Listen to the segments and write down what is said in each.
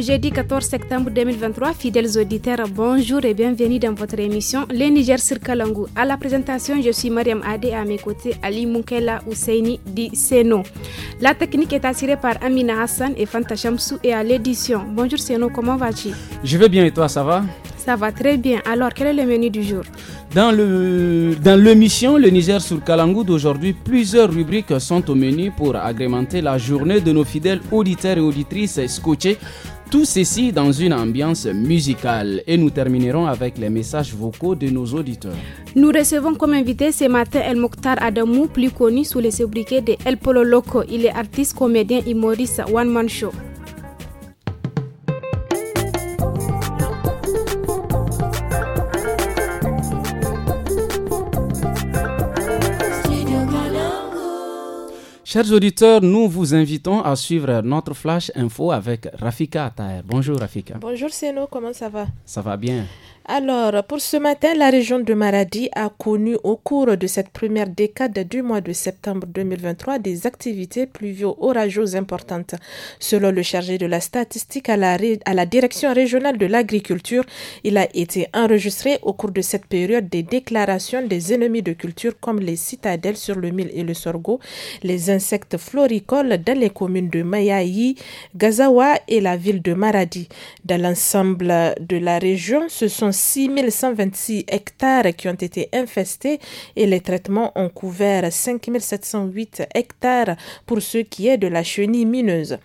jeudi 14 septembre 2023. Fidèles auditeurs, bonjour et bienvenue dans votre émission Le Niger sur Kalangu. À la présentation, je suis Mariam Adé à mes côtés Ali Moukela Ousseini dit Seno. La technique est assurée par Amina Hassan et Fanta Chamsou et à l'édition. Bonjour Seno, comment vas-tu Je vais bien et toi, ça va ça va très bien. Alors, quel est le menu du jour Dans l'émission le, dans Le Niger sur Kalangou d'aujourd'hui, plusieurs rubriques sont au menu pour agrémenter la journée de nos fidèles auditeurs et auditrices scotchés tout ceci dans une ambiance musicale et nous terminerons avec les messages vocaux de nos auditeurs. Nous recevons comme invité ce matin El Mokhtar Adamou, plus connu sous les sobriquets de El Polo Loco. Il est artiste, comédien, et Maurice one-man show. Chers auditeurs, nous vous invitons à suivre notre flash info avec Rafika Taher. Bonjour Rafika. Bonjour Seno, comment ça va Ça va bien. Alors, pour ce matin, la région de Maradi a connu au cours de cette première décade du mois de septembre 2023 des activités pluvio-orageuses importantes. Selon le chargé de la statistique à la, direction régionale de l'agriculture, il a été enregistré au cours de cette période des déclarations des ennemis de culture comme les citadelles sur le mil et le sorgho, les insectes floricoles dans les communes de Mayaï, Gazawa et la ville de Maradi. Dans l'ensemble de la région, ce sont 6126 hectares qui ont été infestés et les traitements ont couvert 5708 hectares pour ce qui est de la chenille mineuse.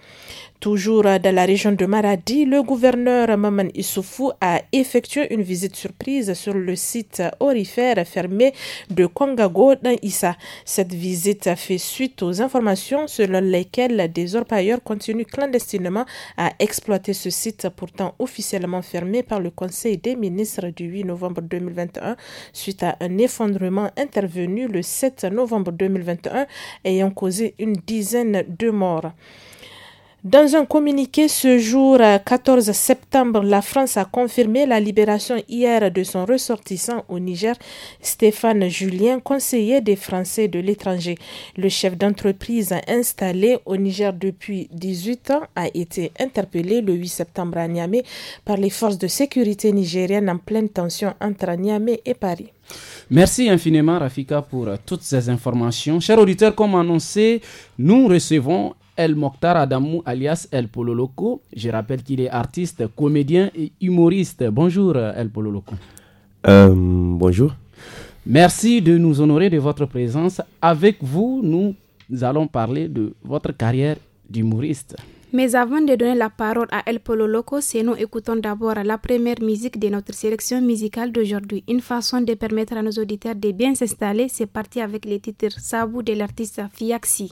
Toujours dans la région de Maradi, le gouverneur Maman Issoufou a effectué une visite surprise sur le site orifère fermé de Kongago dans Issa. Cette visite a fait suite aux informations selon lesquelles des orpailleurs continuent clandestinement à exploiter ce site pourtant officiellement fermé par le Conseil des ministres du 8 novembre 2021 suite à un effondrement intervenu le 7 novembre 2021 ayant causé une dizaine de morts. Dans un communiqué ce jour 14 euh, septembre, la France a confirmé la libération hier de son ressortissant au Niger, Stéphane Julien, conseiller des Français de l'étranger. Le chef d'entreprise installé au Niger depuis 18 ans a été interpellé le 8 septembre à Niamey par les forces de sécurité nigériennes en pleine tension entre Niamey et Paris. Merci infiniment Rafika pour toutes ces informations. Chers auditeurs, comme annoncé, nous recevons El Mokhtar Adamou, alias El Pololoko. Je rappelle qu'il est artiste, comédien et humoriste. Bonjour, El Pololoko. Euh, bonjour. Merci de nous honorer de votre présence. Avec vous, nous allons parler de votre carrière d'humoriste. Mais avant de donner la parole à El Polo Loco, c'est nous écoutons d'abord la première musique de notre sélection musicale d'aujourd'hui. Une façon de permettre à nos auditeurs de bien s'installer, c'est parti avec les titres Sabou de l'artiste Fiaxi.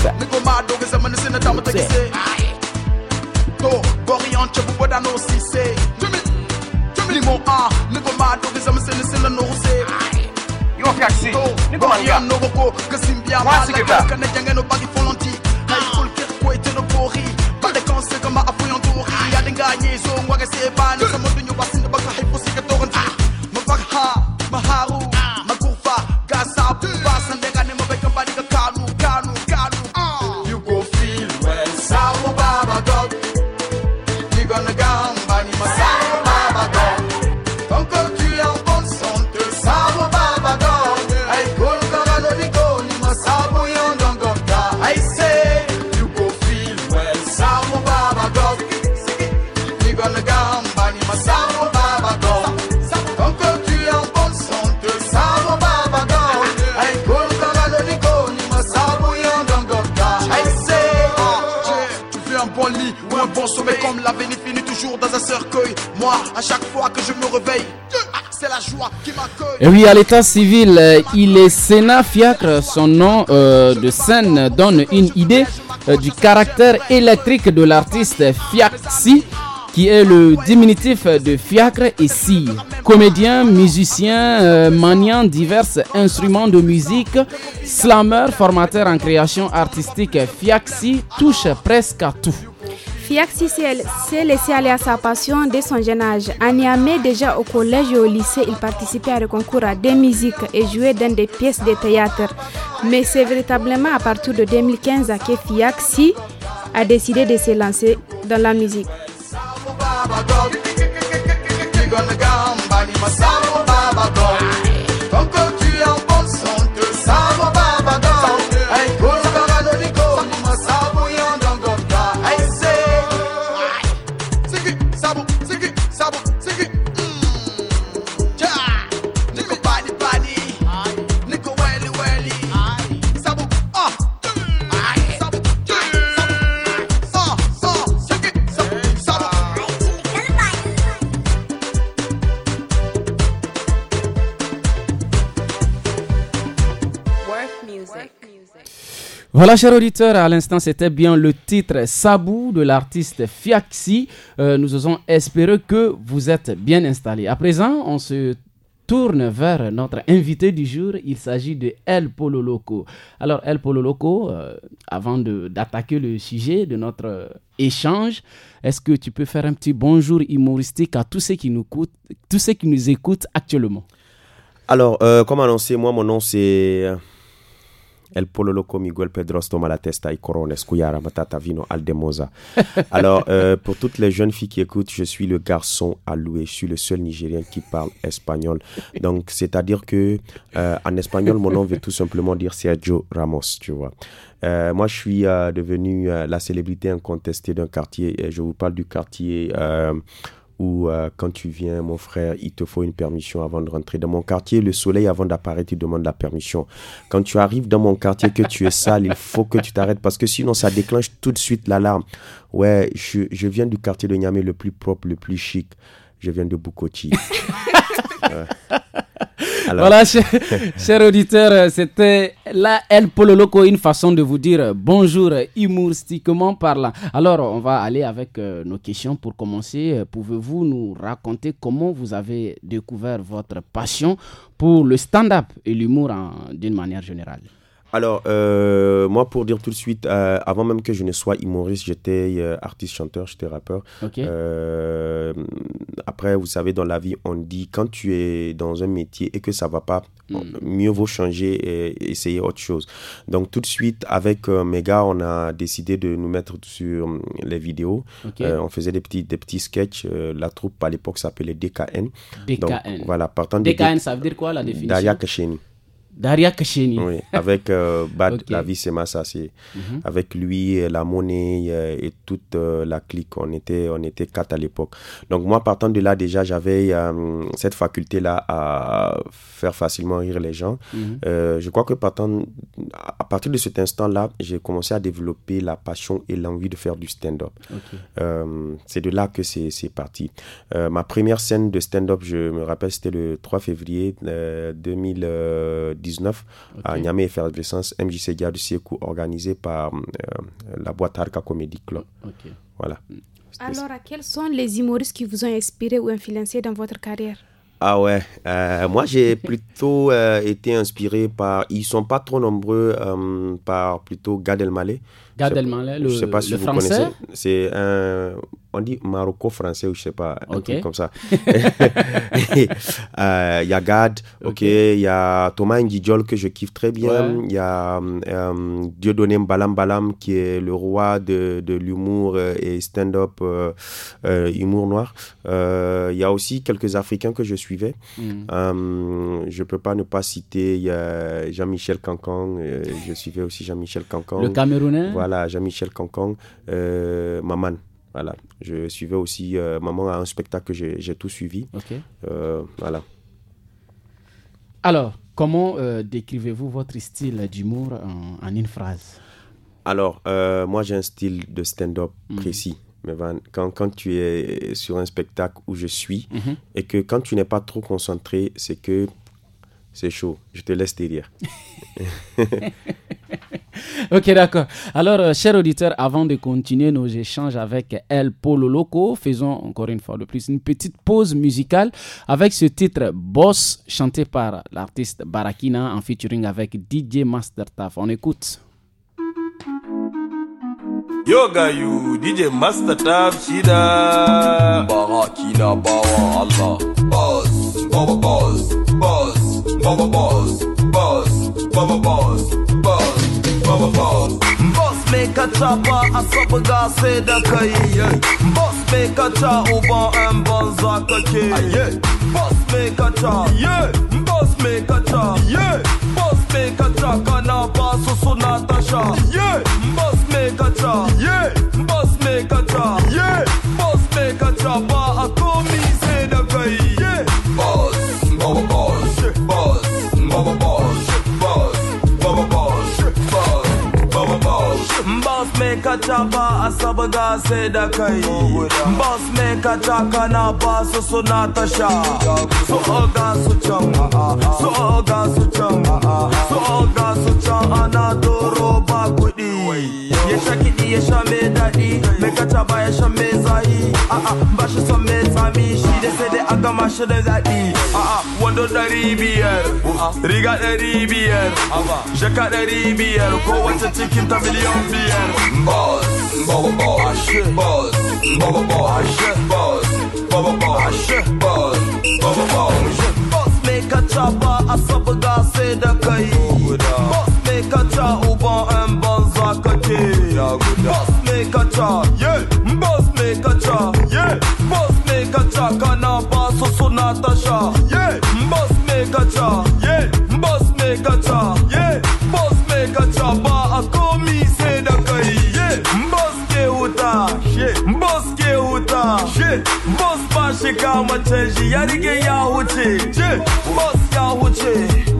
no CC. Jimmy, me ah, dog is in the nose. Yo no boko, ma que no bagi Hay full no pori. Pas de comme se oui, à l'état civil, euh, il est Sénat Fiacre. Son nom euh, de scène donne une idée euh, du caractère électrique de l'artiste Fiaxi qui est le diminutif de fiacre et Sy. Comédien, musicien, maniant divers instruments de musique, slammer, formateur en création artistique, Fiaxi touche presque à tout. Fiaxi s'est laissé aller à sa passion dès son jeune âge. À Niamey, déjà au collège et au lycée, il participait à des concours à des et jouait dans des pièces de théâtre. Mais c'est véritablement à partir de 2015 que Fiaxi a décidé de se lancer dans la musique. Voilà, chers auditeurs, à l'instant, c'était bien le titre Sabou de l'artiste Fiaxi. Euh, nous osons espérer que vous êtes bien installés. À présent, on se tourne vers notre invité du jour. Il s'agit de El Polo Loco. Alors, El Polo Loco, euh, avant d'attaquer le sujet de notre euh, échange, est-ce que tu peux faire un petit bonjour humoristique à tous ceux qui nous, tous ceux qui nous écoutent actuellement Alors, euh, comme annoncé, moi, mon nom, c'est El Polo Miguel Alors, euh, pour toutes les jeunes filles qui écoutent, je suis le garçon à louer. Je suis le seul Nigérien qui parle espagnol. Donc, c'est-à-dire que euh, en espagnol, mon nom veut tout simplement dire Sergio Ramos, tu vois. Euh, moi, je suis devenu la célébrité incontestée d'un quartier. Et je vous parle du quartier euh, quand tu viens, mon frère, il te faut une permission avant de rentrer. Dans mon quartier, le soleil, avant d'apparaître, il demande la permission. Quand tu arrives dans mon quartier, que tu es sale, il faut que tu t'arrêtes parce que sinon, ça déclenche tout de suite l'alarme. Ouais, je, je, viens du quartier de Niamey le plus propre, le plus chic. Je viens de Bukoti. Voilà, chers cher auditeurs, c'était la El Loco, une façon de vous dire bonjour humoristiquement parlant. Alors, on va aller avec euh, nos questions pour commencer. Euh, pouvez-vous nous raconter comment vous avez découvert votre passion pour le stand-up et l'humour d'une manière générale alors, euh, moi, pour dire tout de suite, euh, avant même que je ne sois humoriste, j'étais euh, artiste, chanteur, j'étais rappeur. après, vous savez, dans la vie, on dit quand tu es dans un métier et que ça va pas, hmm. mieux vaut changer et essayer autre chose. Donc, tout de suite, avec mes gars, on a décidé de nous mettre sur hum, les vidéos. on faisait des petits, des petits sketchs. la troupe, à l'époque, s'appelait DKN. DKN. Donc, voilà, DKN, ça veut dire quoi la définition Daya Kacheni. Daria Kacheni. Oui, avec euh, Bad, la vie c'est Ma Avec lui, euh, la monnaie euh, et toute la clique, on était, on était quatre à l'époque. Donc moi, partant de là, déjà, j'avais cette faculté-là à faire facilement rire les gens. Mhm. je crois que partant, à partir de cet instant-là, j'ai commencé à développer la passion et l'envie de faire du stand-up. c'est de là que c'est parti. ma première scène de stand-up, je me rappelle, c'était le 3 février 2019. 2019 à Niamey Effervescence MJC Gare du Siekou organisé par euh, la boîte Arca Comedy Club. Voilà. Alors, quels sont les humoristes qui vous ont inspiré ou influencé dans votre carrière ah ouais, euh, moi j'ai plutôt euh, été inspiré par, ils ne sont pas trop nombreux, par plutôt Gad Elmaleh. Gad Elmaleh, le, je sais pas si vous français C'est un, on dit maroco-français ou je sais pas, un truc comme ça. Euh, il y a Gad, ok, il y a Thomas Ndijol que je kiffe très bien, il y a euh, Dieudonné Mbalam Balam qui est le roi de, de l'humour euh, et stand-up humour noir. Il y a aussi quelques Africains que je suivais. Je hmm. je peux pas ne pas citer, Jean-Michel Cancan, je suivais aussi Jean-Michel Cancan. Le Camerounais voilà. Voilà, Jean-Michel Cancan, euh, Maman. Voilà, je suivais aussi euh, Maman à un spectacle que j'ai tout suivi. OK. Euh, voilà. Alors, comment décrivez-vous votre style d'humour en, une phrase Alors, moi j'ai un style de stand-up mhm. précis. Mais ben, quand, quand, tu es sur un spectacle où je suis mhm. et que quand tu n'es pas trop concentré, c'est que c'est chaud. Je te laisse te dire. Ok, d'accord. Alors, cher euh, chers auditeurs, avant de continuer nos échanges avec El Polo Loco, faisons encore une fois de plus une petite pause musicale avec ce titre Boss, chanté par l'artiste Barakina en featuring avec DJ Master On écoute. Yo DJ Master Shida Barakina Allah Boss, Boss, Boss, Boss, Boss, Boss ball. Boss make a chopper, a supper guy say da kai. Boss make a cha uba and bonza Yeah, Boss make a cha. Yeah. Boss make a cha. Yeah. Boss make a cha kana basu sunata sha. Yeah. Boss make a cha. Yeah. Boss make a cha. Yeah. Boss make a cha ba a make a chopper, a sabaga se da kai. Boss make a chaka na ba, so sunata sha. So oga su chang, so oga su chang, so oga su chang anadoro baku Yesha kidi yesha me daddy Meka chaba yesha me zai Ah ah, mbasha so me zami She de se de aga masha de zadi Ah ah, wando da ribiyar Riga da ribiyar Jaka da ribiyar Ko wata cikin ta miliyon biyar Boss, bobo boss Boss, bobo boss Boss, bobo boss Boss, bobo boss Boss, meka chaba asabaga se da kai Boss, meka cha uban a good Boss make a cha, yeah. Boss make a cha, yeah. Boss make a cha, kana bass sunata sha, yeah. Boss make a cha, yeah. Boss make a cha, yeah. Boss make a cha, ba a komi se da kai, yeah. Boss ke uta, yeah. Boss ke uta, yeah. Boss ba shi kama change, ya rige ya huce, yeah. Boss ya huce,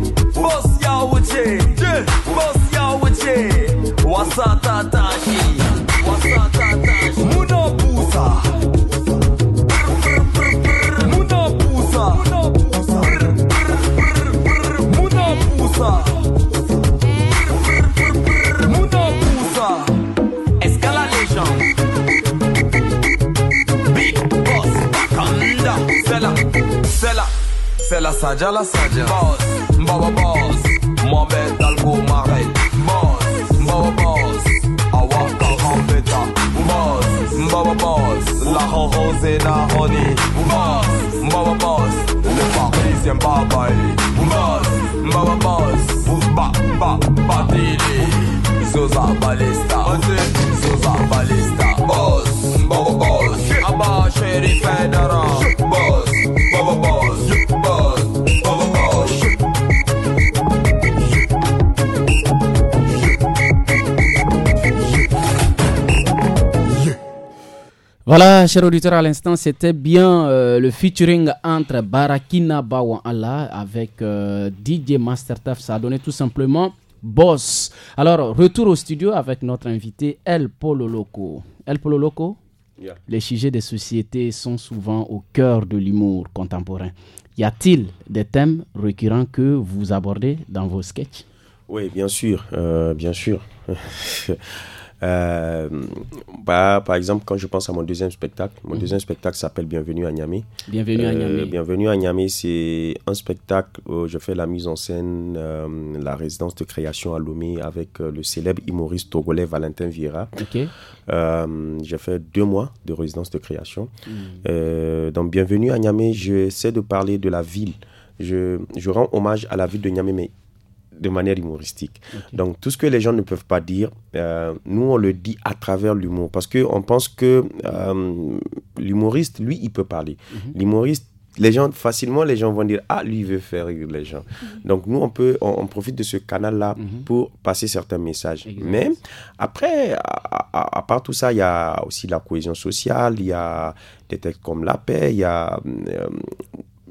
wasatatashi wasatatashi munopusa munopusa escalation big boss sajala sajala boss baba boss Mohamed Dalgo m'arrête Mbawa boss, la ho ho na honey. Boss, Mbawa boss, le kisi mbaba baba. Boss, Mbawa boss, ba ba ba dili. Zoza balista. Voilà, chers auditeurs, à l'instant, c'était bien euh, le featuring entre Barakina Bawala avec euh, DJ Mastertaf. Ça a donné tout simplement Boss. Alors, retour au studio avec notre invité El Polo Loco. El Polo Loco, les sujets des sociétés sont souvent au cœur de l'humour contemporain. Y a-t-il des thèmes récurrents que vous abordez dans vos sketchs Oui, bien sûr, euh, bien sûr. Euh, bah, par exemple, quand je pense à mon deuxième spectacle, mon mhm. deuxième spectacle s'appelle Bienvenue à Niamey. Bienvenue à euh, Niamey. Bienvenue à Niamey, c'est un spectacle où je fais la mise en scène, euh, la résidence de création à Lomé avec le célèbre humoriste togolais Valentin Vieira. j'ai fait deux mois de résidence de création. Hmm. donc, Bienvenue à Niamey, j'essaie de parler de la ville. Je, je rends hommage à la ville de Niamey, mais de manière humoristique. Donc tout ce que les gens ne peuvent pas dire, euh, nous on le dit à travers l'humour parce que on pense que euh, l'humoriste, lui, il peut parler. Mhm. L'humoriste les gens facilement les gens vont dire ah lui veut faire les gens mhm. donc nous on peut on, profite de ce canal là mhm. pour passer certains messages mais après à, part tout ça il y a aussi la cohésion sociale il y a des textes comme la paix il y a euh,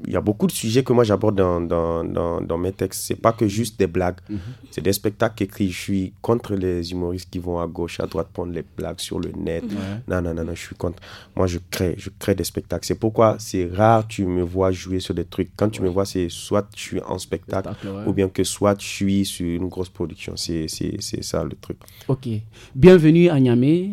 il y a beaucoup de sujets que moi j'aborde dans, dans, dans, mes textes. C'est pas que juste des blagues. Mhm. C'est des spectacles écrits. Je suis contre les humoristes qui vont à gauche, à droite prendre les blagues sur le net. Non, non, non, je suis contre. Moi, je crée, je crée des spectacles. C'est pourquoi c'est rare tu me vois jouer sur des trucs. Quand tu me vois, c'est soit je suis en spectacle, ou bien que soit je suis sur une grosse production. C'est ça le truc. Ok. Bienvenue à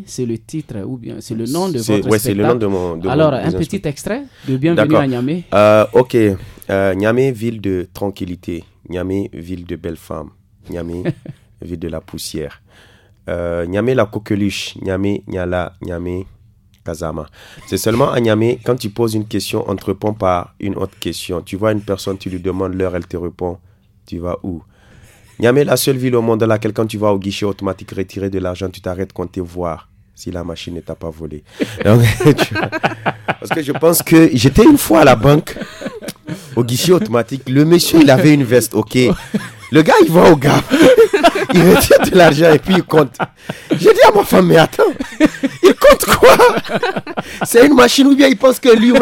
c'est le titre ou bien c'est le nom de votre ouais, c'est le nom de mon. De Alors, un petit extrait de Bienvenue à Niamey. Euh, Ok, euh, ville de tranquillité. Niamey, ville de belles femmes. Niamey, ville de la poussière. Euh, la coqueluche. Niamey, Niala, Niamey, Kazama. C'est seulement à Niamey, quand tu poses une question, on te répond par une autre question. Tu vois une personne, tu lui demandes l'heure, elle te répond, tu vas où Niamey, la seule ville au monde dans laquelle quand tu vas au guichet automatique retirer de l'argent, tu t'arrêtes quand te voir si la machine ne t'a pas volé. Parce que je pense que j'étais une fois à la banque au guichet automatique. Le monsieur, il avait une veste, ok. Le gars, il va au gars, il retire de l'argent et puis il compte. J'ai dit à ma femme, mais attends, il compte quoi C'est une machine ou bien il pense que lui,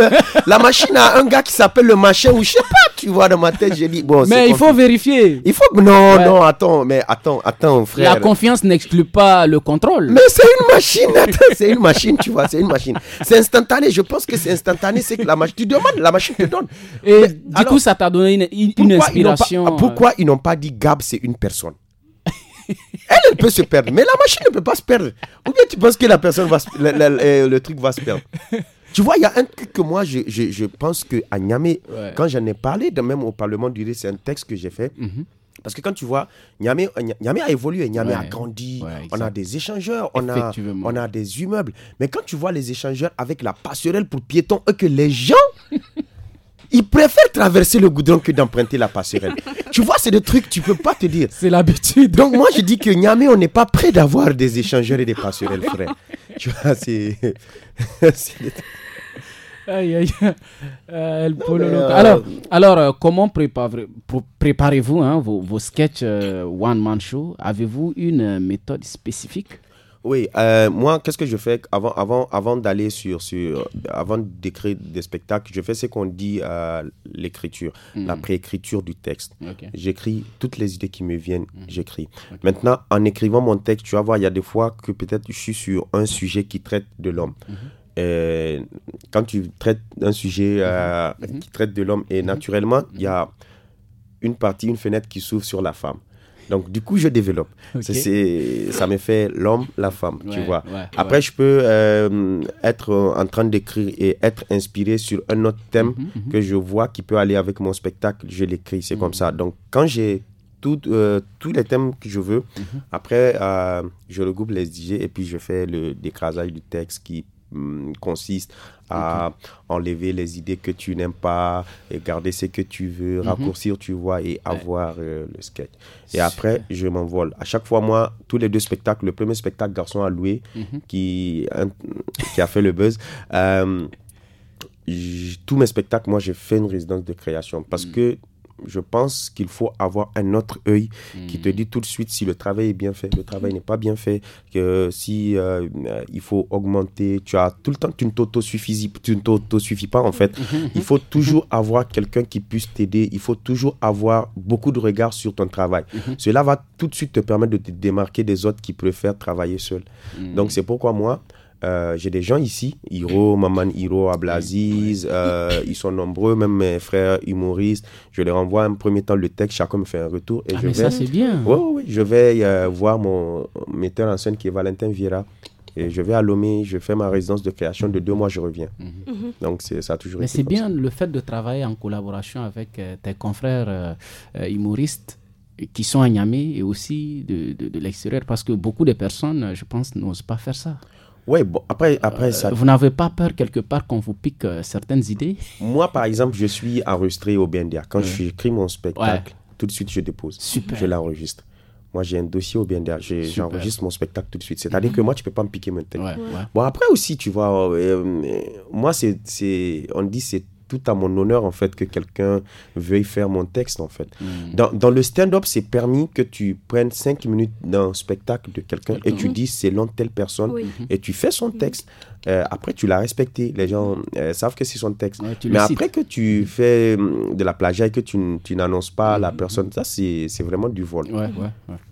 la machine a un gars qui s'appelle le machin ou je sais pas, tu vois, dans ma tête, j'ai dit, bon, Mais il faut vérifier. Il faut, non, non, attends, mais attends, attends, frère. La confiance n'exclut pas le contrôle. Mais c'est une machine, attends, c'est une machine, tu vois, c'est une machine. C'est instantané, je pense que c'est instantané, c'est que la machine, tu demandes, la machine te donne. Et du coup, ça t'a donné une, inspiration. pourquoi ils n'ont pas dit Gab, c'est une personne. Elle, elle peut se perdre, mais la machine ne peut pas se perdre. Ou bien tu penses que la personne va le, truc va se perdre. Tu vois, il y a un truc que moi, je, pense que à Niamey, quand j'en ai parlé, même au Parlement du c'est un texte que j'ai fait. Mhm. Parce que quand tu vois, Niamey, euh, a évolué, Niamey a grandi, on a des échangeurs, on a, on a des immeubles. Mais quand tu vois les échangeurs avec la passerelle pour piétons, et que les gens Ils préfèrent traverser le goudron que d'emprunter la passerelle. tu vois, c'est des trucs, tu peux pas te dire. C'est l'habitude. Donc moi, je dis que Niamey, on n'est pas prêt d'avoir des échangeurs et des passerelles, frère. tu vois, c'est... Aïe, aïe. Euh, euh, alors, alors euh, comment préparez, vous hein, vos, vos sketchs One Man Show Avez-vous une méthode spécifique oui, euh, moi, qu'est-ce que je fais avant, avant, avant d'aller sur, sur, avant d'écrire des spectacles, je fais ce qu'on dit à euh, l'écriture, la hmm. préécriture du texte. J'écris toutes les idées qui me viennent, hmm. j'écris. Maintenant, en écrivant mon texte, tu vas voir, il y a des fois que peut-être je suis sur un sujet qui traite de l'homme. Hmm. quand tu traites un sujet euh, qui traite de l'homme, et naturellement, il y a une partie, une fenêtre qui s'ouvre sur la femme. Donc, du coup, je développe. ça me fait l'homme, la femme, tu vois. Après, je peux euh, être euh, en train d'écrire et être inspiré sur un autre thème mhm, mhm. que je vois qui peut aller avec mon spectacle. Je l'écris, c'est comme mhm. ça. Donc, quand j'ai tout, euh, tous les thèmes que je veux. Après, je regroupe les dj et puis je fais le décrasage du texte qui Hum, consiste à enlever les idées que tu n'aimes pas, et garder ce que tu veux, mhm. raccourcir, tu vois, et avoir euh, le sketch. Et après, je m'envole. À chaque fois, moi, tous les deux spectacles, le premier spectacle, Garçon à louer, mhm. qui, qui a fait le buzz, euh, tous mes spectacles, moi, j'ai fait une résidence de création parce mm. que je pense qu'il faut avoir un autre œil qui te hmm. dit tout de suite si le travail est bien fait, le travail n'est pas bien fait, que si euh, euh, il faut augmenter, tu as tout le temps, tu ne t'autosuffis, tu ne pas en fait. Il faut toujours avoir quelqu'un qui puisse t'aider, il faut toujours avoir beaucoup de regards sur ton travail. Hmm. Cela va tout de suite te permettre de te démarquer des autres qui préfèrent travailler seul. Hmm. Donc c'est pourquoi moi, euh, j'ai des gens ici, Hiro, Maman Hiro, Ablaziz, euh, ils sont nombreux, même mes frères humoristes. Je les renvoie un premier temps le texte, chacun me fait un retour. Et ah je mais vais, ça, c'est bien. je vais euh, voir mon metteur en scène qui est Valentin Viera Et je vais à Lomé, je fais ma résidence de création de deux mois, je reviens. Mhm. Mhm. Donc c'est Donc ça a toujours Mais c'est bien le fait de travailler en collaboration avec tes confrères humoristes qui sont à Niamey et aussi de, de l'extérieur, parce que beaucoup de personnes, je pense, n'osent pas faire ça. Oui, bon, après, après euh, ça. Vous n'avez pas peur quelque part qu'on vous pique euh, certaines idées Moi, par exemple, je suis enregistré au BNDA. Quand suis j'écris mon spectacle, tout de suite, je dépose. Super. Je l'enregistre. Moi, j'ai un dossier au BNDA. J'enregistre mon spectacle tout de suite. C'est-à-dire mhm. que moi, tu ne peux pas me piquer maintenant. Bon, après aussi, tu vois, euh, moi, c'est, on dit c'est tout à mon honneur, en fait, que quelqu'un veuille faire mon texte, en fait. Mm. Dans, le stand-up, c'est permis que tu prennes cinq minutes d'un spectacle de quelqu'un et tu dis, c'est telle personne, mm-hmm. et tu fais son mm-hmm. texte. Euh, après tu l'as respecté. Les gens euh, savent que c'est son texte. Mais après que tu fais hum, de la plagiat et que tu, n'annonces pas la mm-hmm. personne, ça c'est vraiment du vol.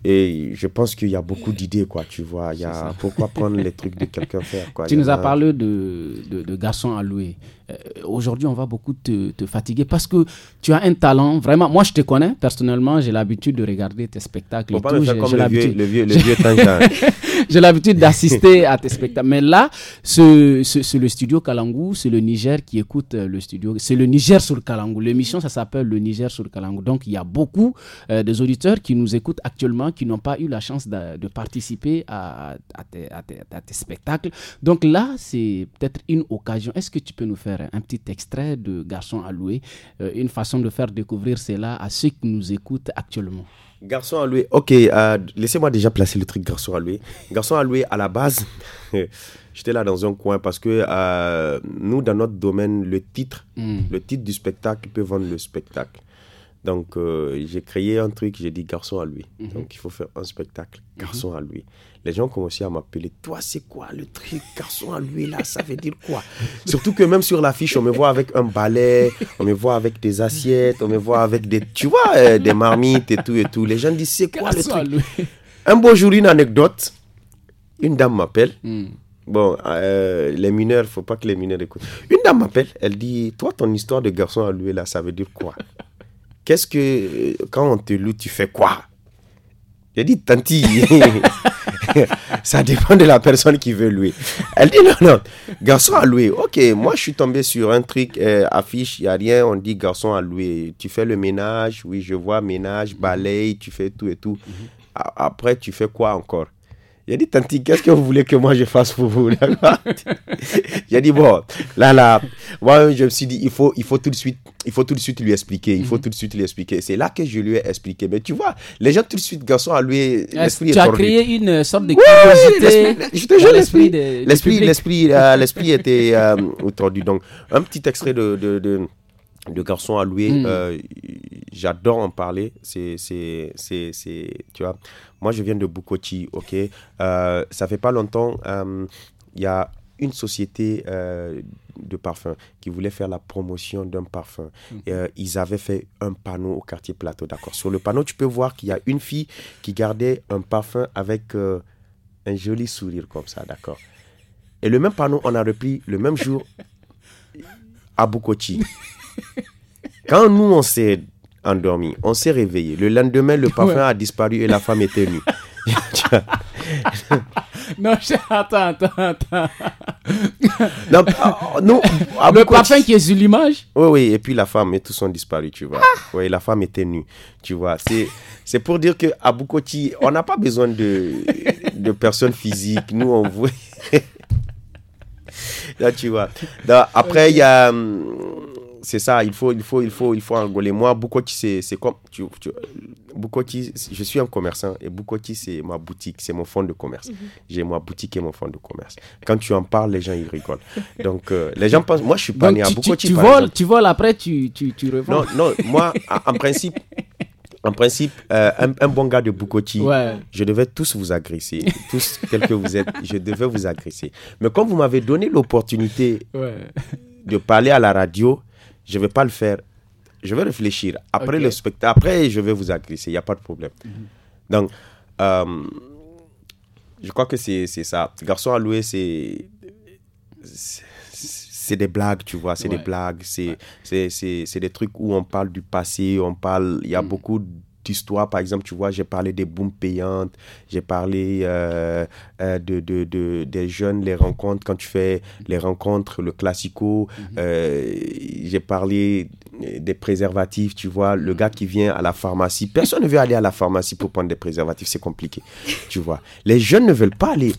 et je pense qu'il y a beaucoup d'idées, quoi, tu vois. Il y a, pourquoi prendre les trucs de quelqu'un faire, quoi. Tu nous as parlé de, garçons à louer. Euh, aujourd'hui, on va beaucoup te, fatiguer parce que tu as un talent. Vraiment, moi, je te connais personnellement. J'ai l'habitude de regarder tes spectacles. Et J'ai l'habitude d'assister à tes spectacles. Mais là, ce c'est le studio Kalangu, c'est le Niger qui écoute euh, le studio. C'est le Niger sur Kalangu. L'émission, ça s'appelle le Niger sur Kalangu. Donc, il y a beaucoup euh, des auditeurs qui nous écoutent actuellement, qui n'ont pas eu la chance de, participer à, tes, spectacles. Donc là, c'est peut-être une occasion. Est-ce que tu peux nous faire un petit extrait de Garçon à euh, une façon de faire découvrir cela à ceux qui nous écoutent actuellement? Garçon à louer. Ok, euh, laissez-moi déjà placer le truc garçon à louer. Garçon à louer, à la base, j'étais là dans un coin parce que euh, nous, dans notre domaine, le titre, hmm. le titre du spectacle peut vendre le spectacle. Donc, euh, j'ai créé un truc, j'ai dit garçon à lui. Hmm. Donc, il faut faire un spectacle, garçon hmm. à lui les gens commençaient à m'appeler Toi, c'est quoi le truc Garçon à lui, là, ça veut dire quoi Surtout que même sur l'affiche, on me voit avec un balai, on me voit avec des assiettes, on me voit avec des, tu vois, euh, des marmites et tout et tout. Les gens disent C'est quoi le truc Un beau jour, une anecdote une dame m'appelle. Hmm. Bon, euh, les mineurs, faut pas que les mineurs écoutent. Une dame m'appelle, elle dit Toi, ton histoire de garçon à lui là, ça veut dire quoi Qu'est-ce que. Euh, quand on te loue, tu fais quoi J'ai dit tantille ça dépend de la personne qui veut louer. Elle dit non, non, garçon à louer. Ok, moi je suis tombé sur un truc, euh, affiche, il n'y a rien, on dit garçon à louer. Tu fais le ménage, oui, je vois ménage, balaye, tu fais tout et tout. Mhm. Après, tu fais quoi encore j'ai dit, Tanti, qu'est-ce que vous voulez que moi je fasse pour vous J'ai dit, bon, là, là, moi, je me suis dit, il faut, il faut tout de suite, il faut tout de suite lui expliquer, il faut mhm. tout de suite lui expliquer. C'est là que je lui ai expliqué. Mais tu vois, les gens tout de suite, garçon, à lui, l'esprit Tu as créé une sorte de curiosité. je l'esprit, l'esprit, était euh, tordu. Donc, un petit extrait de le garçon à louer. Hmm. Euh, j'adore en parler. C'est, c'est, tu vois. Moi, je viens de Bukoti, ok. Euh, ça fait pas longtemps. Euh, il y a une société euh, de parfums qui voulait faire la promotion d'un parfum. Hmm. ils avaient fait un panneau au quartier Plateau, d'accord. Sur le panneau, tu peux voir qu'il y a une fille qui gardait un parfum avec un joli sourire comme ça, d'accord. Et le même panneau, on a repris le même jour à Bukoti. Quand nous, on s'est endormi, on s'est réveillé. Le lendemain, le parfum a disparu et la femme était nue. non, attends, attends, attends. non, ah, ah, ah, le parfum qui est sur l'image Oui, oui, et puis la femme et tout sont disparus, tu vois. Oui, la femme était nue, tu vois. C'est pour dire que à Bukoti, on n'a pas besoin de, de personnes physiques. Nous, on voit. Là, tu vois. après, il y a. Hum, c'est ça, il faut, il faut, il faut, il faut engoler. Moi, Bukoti, c'est comme. Tu, tu, Bukoti, je suis un commerçant et Bukoti, c'est ma boutique, c'est mon fonds de commerce. Mhm. J'ai ma boutique et mon fonds de commerce. Quand tu en parles, les gens, ils rigolent. Donc, euh, les gens pensent. Moi, je suis pas Donc, né à tu, Bukoti. Tu, voles, tu après, tu, tu, tu revends. Non, non, moi, en principe. En principe, euh, un, bon gars de Bukoti, je devais tous vous agresser, tous quels que vous êtes, je devais vous agresser. Mais quand vous m'avez donné l'opportunité de parler à la radio, je ne vais pas le faire. Je vais réfléchir. Après le spectacle, après, je vais vous agresser. Il n'y a pas de problème. Mhm. Donc, euh, je crois que c'est ça. Garçon à louer, c'est. C'est des blagues, tu vois. C'est des blagues. C'est des trucs où on parle du passé. On parle. Il y a mhm. beaucoup de beaucoup histoire. Par exemple, tu vois, j'ai parlé des booms payantes, j'ai parlé euh, euh, de, des jeunes, les rencontres, quand tu fais les rencontres, le classico, mhm. euh, j'ai parlé des préservatifs, tu vois, le gars qui vient à la pharmacie, personne ne veut aller à la pharmacie pour prendre des préservatifs, c'est compliqué, tu vois. Les jeunes ne veulent pas aller.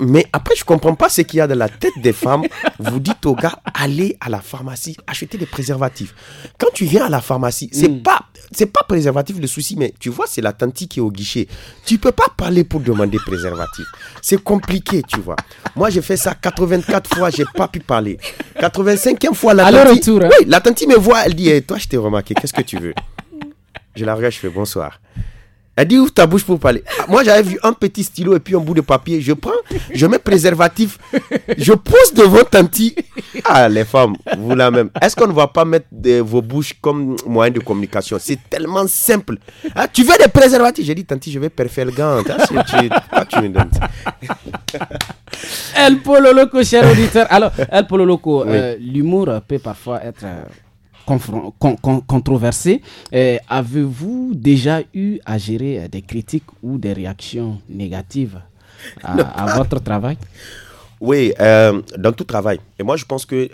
Mais après, je comprends pas ce qu'il y a dans la tête des femmes. Vous dites au gars, allez à la pharmacie, acheter des préservatifs. Quand tu viens à la pharmacie, c'est mm. pas c'est pas préservatif le souci, mais tu vois, c'est l'attentif qui est au guichet. Tu peux pas parler pour demander préservatif. C'est compliqué, tu vois. Moi, j'ai fait ça 84 fois, j'ai pas pu parler. 85e fois, la Hein. Oui, me voit, elle dit, eh, toi, je t'ai remarqué, qu'est-ce que tu veux Je la regarde, je fais bonsoir. Elle dit ouvre ta bouche pour parler. Ah, moi j'avais vu un petit stylo et puis un bout de papier. Je prends, je mets préservatif, je pousse devant Tanti. Ah les femmes, vous là même. Est-ce qu'on ne va pas mettre vos bouches comme moyen de communication C'est tellement simple. Ah, tu veux des préservatifs J'ai dit Tanti, je vais perfelgante. le gant. Ah, ah, tu me donnes. El Pololoco, cher auditeur. Alors elle Pololoco, le euh, l'humour peut parfois être euh, controversé. Euh, avez-vous déjà eu à gérer euh, des critiques ou des réactions négatives à, votre travail Oui, euh, dans tout travail. Et moi, je pense que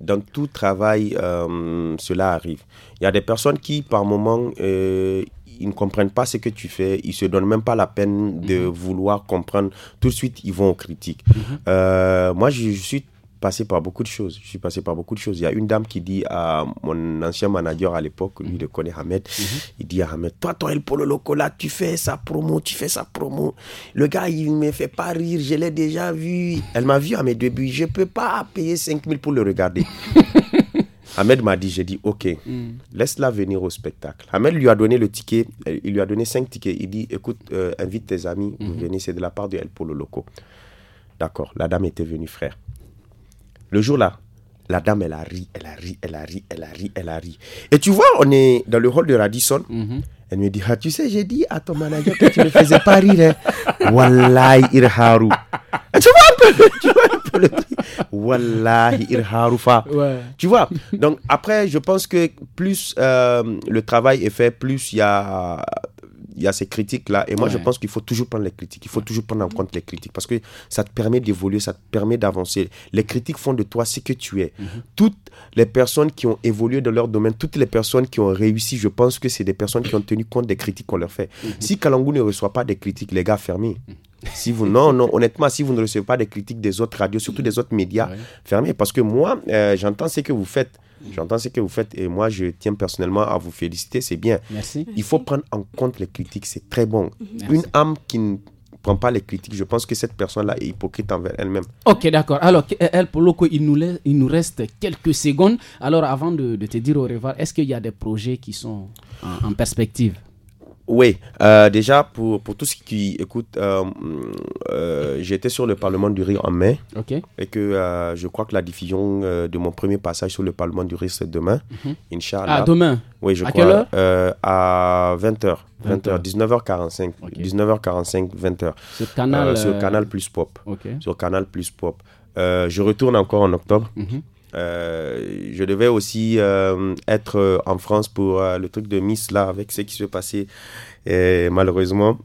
dans tout travail, cela arrive. Il y a des personnes qui, par moment, ils ne comprennent pas ce que tu fais, ils se donnent même pas la peine de mhm. vouloir comprendre. Tout de suite, ils vont aux critiques. Mhm. moi, je, je suis passé par beaucoup de choses. Je suis passé par beaucoup de choses. Il y a une dame qui dit à mon ancien manager à l'époque, lui, mhm. le connaît Ahmed, mhm. il dit à Ahmed, toi, toi, El Polo Loco, là, tu fais sa promo, tu fais sa promo. Le gars, il ne me fait pas rire, je l'ai déjà vu. Elle m'a vu à mes débuts, je ne peux pas payer 5000 pour le regarder. Ahmed m'a dit, j'ai dit, ok, mm. laisse-la venir au spectacle. Ahmed lui a donné le ticket, euh, il lui a donné cinq tickets. Il dit, écoute, euh, invite tes amis, vous mm-hmm. venez, c'est de la part de El Polo Loco. D'accord, la dame était venue, frère. Le jour-là, la dame, elle a ri, elle a ri, elle a ri, elle a ri, elle a ri. Et tu vois, on est dans le hall de Radisson. Mhm. Elle me dit, ah, tu sais, j'ai dit à ton manager que tu ne faisais pas rire. Hein. Wallahi irharu. Tu vois tu vois un peu le truc. Wallahi irharufa. Tu vois. Donc après, je pense que plus euh, le travail est fait, plus il y a il y a ces critiques-là. Et moi, je pense qu'il faut toujours prendre les critiques. Il faut toujours prendre en compte les critiques parce que ça te permet d'évoluer, ça te permet d'avancer. Les critiques font de toi ce que tu es. Mhm. Toutes les personnes qui ont évolué dans leur domaine, toutes les personnes qui ont réussi, je pense que c'est des personnes qui ont tenu compte des critiques qu'on leur fait. Mhm. Si Kalangou ne reçoit pas des critiques, les gars, fermez. Mhm. Si vous, non, non, honnêtement, si vous ne recevez pas des critiques des autres radios, surtout des autres médias, fermés fermez. Parce que moi, euh, j'entends ce que vous faites. J'entends ce que vous faites et moi, je tiens personnellement à vous féliciter. C'est bien. Merci. Il faut prendre en compte les critiques. C'est très bon. Mhm. Une âme qui ne prend pas les critiques, je pense que cette personne-là est hypocrite envers elle-même. Ok, d'accord. Alors, euh, le coup il nous, il nous reste quelques secondes. Alors, avant de, te dire au revoir, est-ce qu'il y a des projets qui sont en perspective oui, euh, déjà pour, pour tous ceux qui écoutent, euh, euh, j'étais sur le Parlement du Rire en mai. ok Et que je crois que la diffusion de mon premier passage sur le Parlement du Rire, c'est demain. Mhm. Inch'Allah. Ah, demain Oui, je à crois. Quelle heure à 20h. 20h, 19h45. 19h45, 20h. Sur Canal, sur Canal Plus Pop. Sur Canal Plus Pop. je retourne encore en octobre. Mhm. Euh, je devais aussi euh, être euh, en France pour le truc de Miss là avec ce qui se passait et malheureusement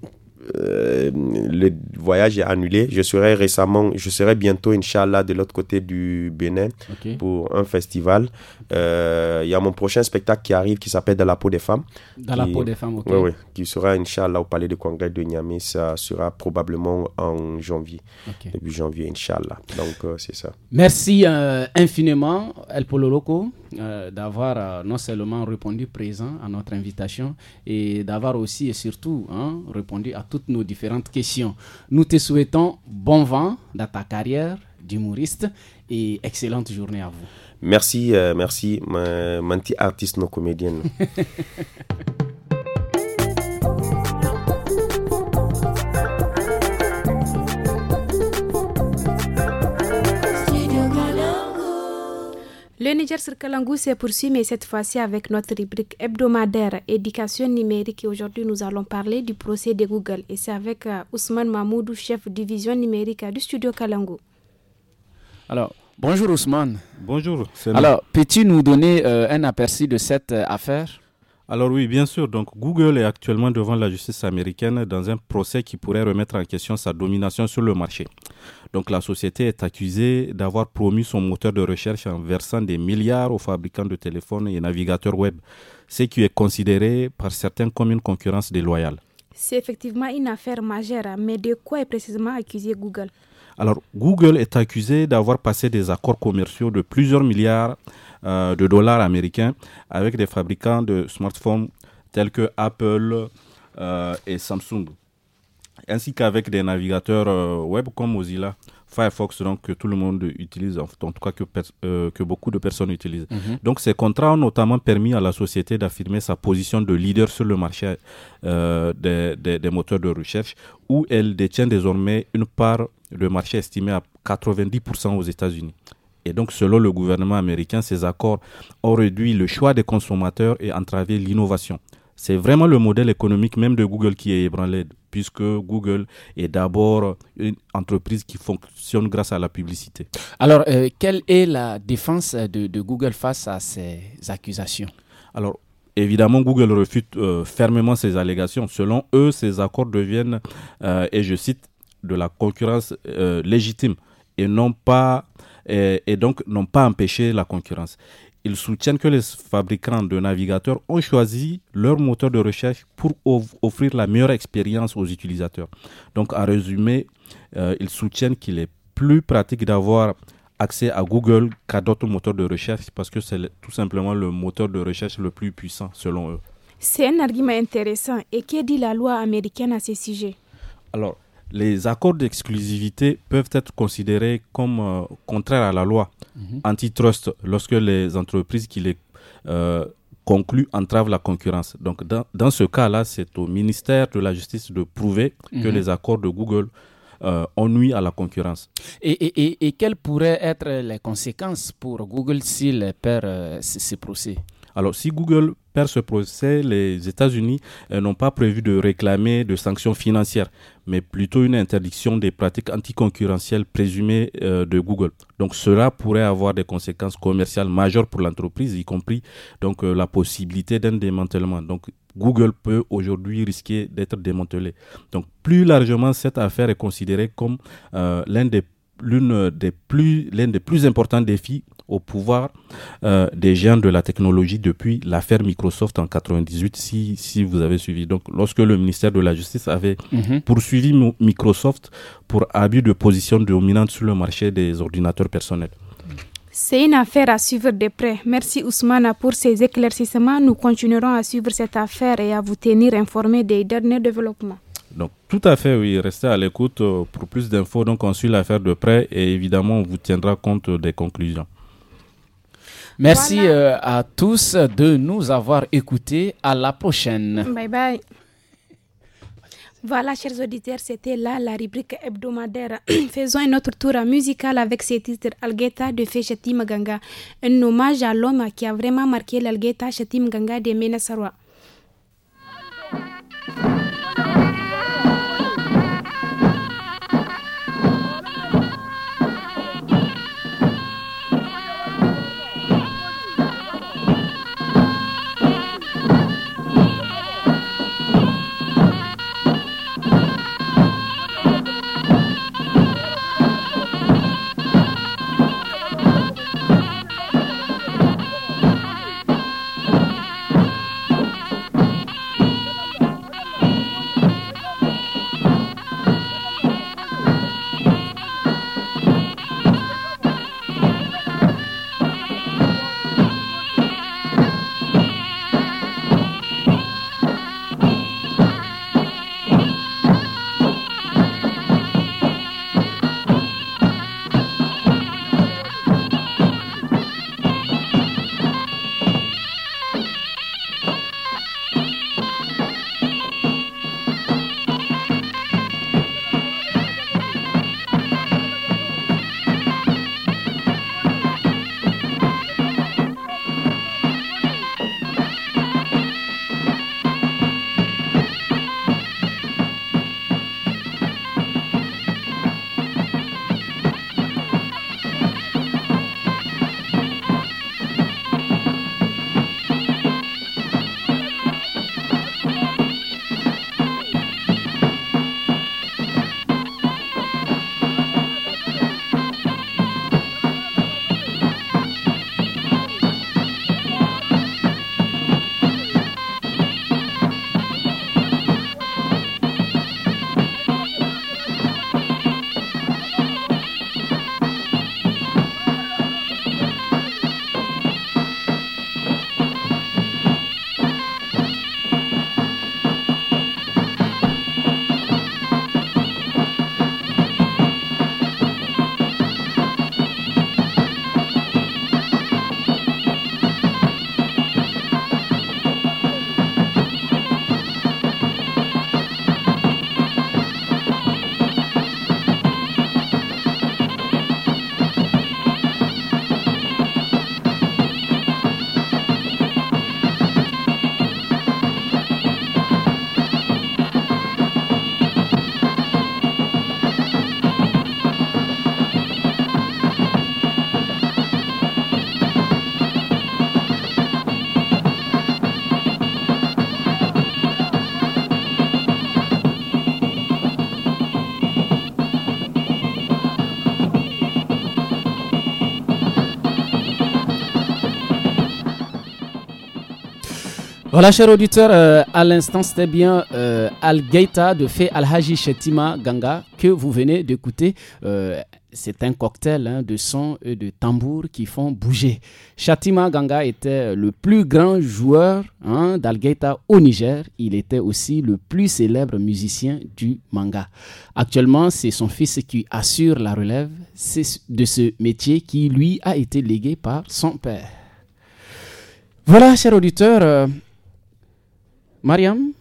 euh, le voyage est annulé. Je serai récemment, je serai bientôt, Inch'Allah, de l'autre côté du Bénin pour un festival. Euh, il y a mon prochain spectacle qui arrive qui s'appelle Dans la peau des femmes. Dans la peau des femmes, ok. Oui, oui, qui sera, Inch'Allah, au Palais de Congrès de Niamey. Ça sera probablement en janvier, début janvier, Inch'Allah. Donc, euh, c'est ça. Merci infiniment, El Pololoco. Euh, d'avoir euh, non seulement répondu présent à notre invitation et d'avoir aussi et surtout hein, répondu à toutes nos différentes questions. Nous te souhaitons bon vent dans ta carrière d'humoriste et excellente journée à vous. Merci, euh, merci, ma, manti artiste nos comédienne. Le Niger sur Kalangu s'est poursuit, mais cette fois-ci avec notre rubrique hebdomadaire éducation numérique. Et aujourd'hui, nous allons parler du procès de Google. Et c'est avec euh, Ousmane Mahmoudou, chef division numérique du studio Kalangou. Alors, bonjour Ousmane. Bonjour. Alors, peux-tu nous donner euh, un aperçu de cette euh, affaire alors oui, bien sûr. Donc Google est actuellement devant la justice américaine dans un procès qui pourrait remettre en question sa domination sur le marché. Donc la société est accusée d'avoir promu son moteur de recherche en versant des milliards aux fabricants de téléphones et navigateurs web, ce qui est considéré par certains comme une concurrence déloyale. C'est effectivement une affaire majeure, hein. mais de quoi est précisément accusé Google Alors Google est accusé d'avoir passé des accords commerciaux de plusieurs milliards euh, de dollars américains avec des fabricants de smartphones tels que Apple euh, et Samsung, ainsi qu'avec des navigateurs euh, web comme Mozilla. Firefox, donc, que tout le monde utilise, en tout cas que, que beaucoup de personnes utilisent. Mhm. Donc, ces contrats ont notamment permis à la société d'affirmer sa position de leader sur le marché des, des, moteurs de recherche, où elle détient désormais une part de marché estimée à 90% aux États-Unis. Et donc, selon le gouvernement américain, ces accords ont réduit le choix des consommateurs et entravé l'innovation. C'est vraiment le modèle économique même de Google qui est ébranlé, puisque Google est d'abord une entreprise qui fonctionne grâce à la publicité. Alors, euh, quelle est la défense de, Google face à ces accusations Alors, évidemment, Google refute euh, fermement ces allégations. Selon eux, ces accords deviennent, euh, et je cite, de la concurrence légitime et non pas et, donc n'ont pas empêché la concurrence. Ils soutiennent que les fabricants de navigateurs ont choisi leur moteur de recherche pour offrir la meilleure expérience aux utilisateurs. Donc, en résumé, euh, ils soutiennent qu'il est plus pratique d'avoir accès à Google qu'à d'autres moteurs de recherche parce que c'est tout simplement le moteur de recherche le plus puissant selon eux. C'est un argument intéressant. Et que dit la loi américaine à ce sujet Alors, les accords d'exclusivité peuvent être considérés comme euh, contraires à la loi mhm. antitrust lorsque les entreprises qui les euh, concluent entravent la concurrence. Donc dans, ce cas-là, c'est au ministère de la Justice de prouver que mhm. les accords de Google euh, ennuient à la concurrence. Et, quelles pourraient être les conséquences pour Google s'il perd euh, ces procès alors si Google perd ce procès, les États-Unis euh, n'ont pas prévu de réclamer de sanctions financières, mais plutôt une interdiction des pratiques anticoncurrentielles présumées euh, de Google. Donc cela pourrait avoir des conséquences commerciales majeures pour l'entreprise, y compris donc euh, la possibilité d'un démantèlement. Donc Google peut aujourd'hui risquer d'être démantelé. Donc plus largement, cette affaire est considérée comme l'un des l'une des, plus, des plus importants défis au pouvoir euh, des géants de la technologie depuis l'affaire Microsoft en 98, si, si vous avez suivi. Donc, lorsque le ministère de la Justice avait mhm. poursuivi Microsoft pour abus de position dominante sur le marché des ordinateurs personnels. C'est une affaire à suivre de près. Merci Ousmana pour ces éclaircissements. Nous continuerons à suivre cette affaire et à vous tenir informés des derniers développements. Donc, tout à fait, oui. Restez à l'écoute euh, pour plus d'infos. Donc, on suit l'affaire de près et évidemment, on vous tiendra compte des conclusions. Merci euh, à tous de nous avoir écoutés. À la prochaine. Bye bye. Voilà, chers auditeurs, c'était là la rubrique hebdomadaire. Faisons un autre tour musical avec ce titre Algeta de Féchetim Ganga. un hommage à l'homme qui a vraiment marqué l'Algeta Chetim Ganga de Menasarwa. Voilà, cher auditeur. Euh, à l'instant, c'était bien euh, Al Gaita de fait Al-Haji Shatima Ganga que vous venez d'écouter. Euh, c'est un cocktail hein, de sons et de tambours qui font bouger. Shatima Ganga était le plus grand joueur hein, dal Gaita au Niger. Il était aussi le plus célèbre musicien du manga. Actuellement, c'est son fils qui assure la relève de ce métier qui, lui, a été légué par son père. Voilà, cher auditeur. Mariam,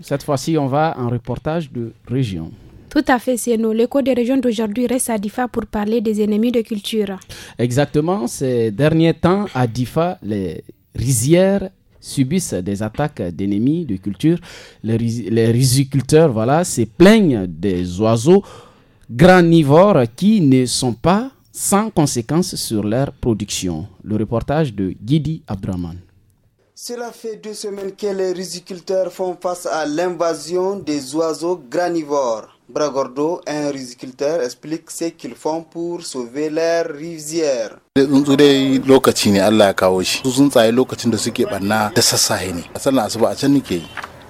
cette fois-ci, on va en reportage de région. Tout à fait, c'est nous. L'écho des régions d'aujourd'hui reste à Difa pour parler des ennemis de culture. Exactement, ces derniers temps, à Difa, les rizières subissent des attaques d'ennemis de culture. Les, riziculteurs, voilà, se plaignent des oiseaux granivores qui ne sont pas sans conséquences sur leur production. Le reportage de Gidi Abdraman. Cela fait deux semaines que les riziculteurs font face à l'invasion des oiseaux granivores. Bragordo, un riziculteur, explique ce qu'ils font pour sauver leurs rizières.